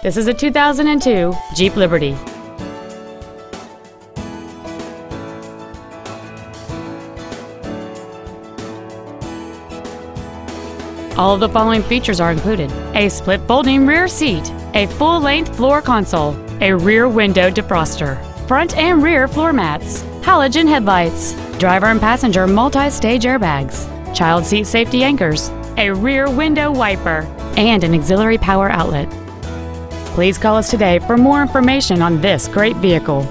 This is a 2002 Jeep Liberty. All of the following features are included. A split folding rear seat, a full-length floor console, a rear window defroster, front and rear floor mats, halogen headlights, driver and passenger multi-stage airbags, child seat safety anchors, a rear window wiper, and an auxiliary power outlet. Please call us today for more information on this great vehicle.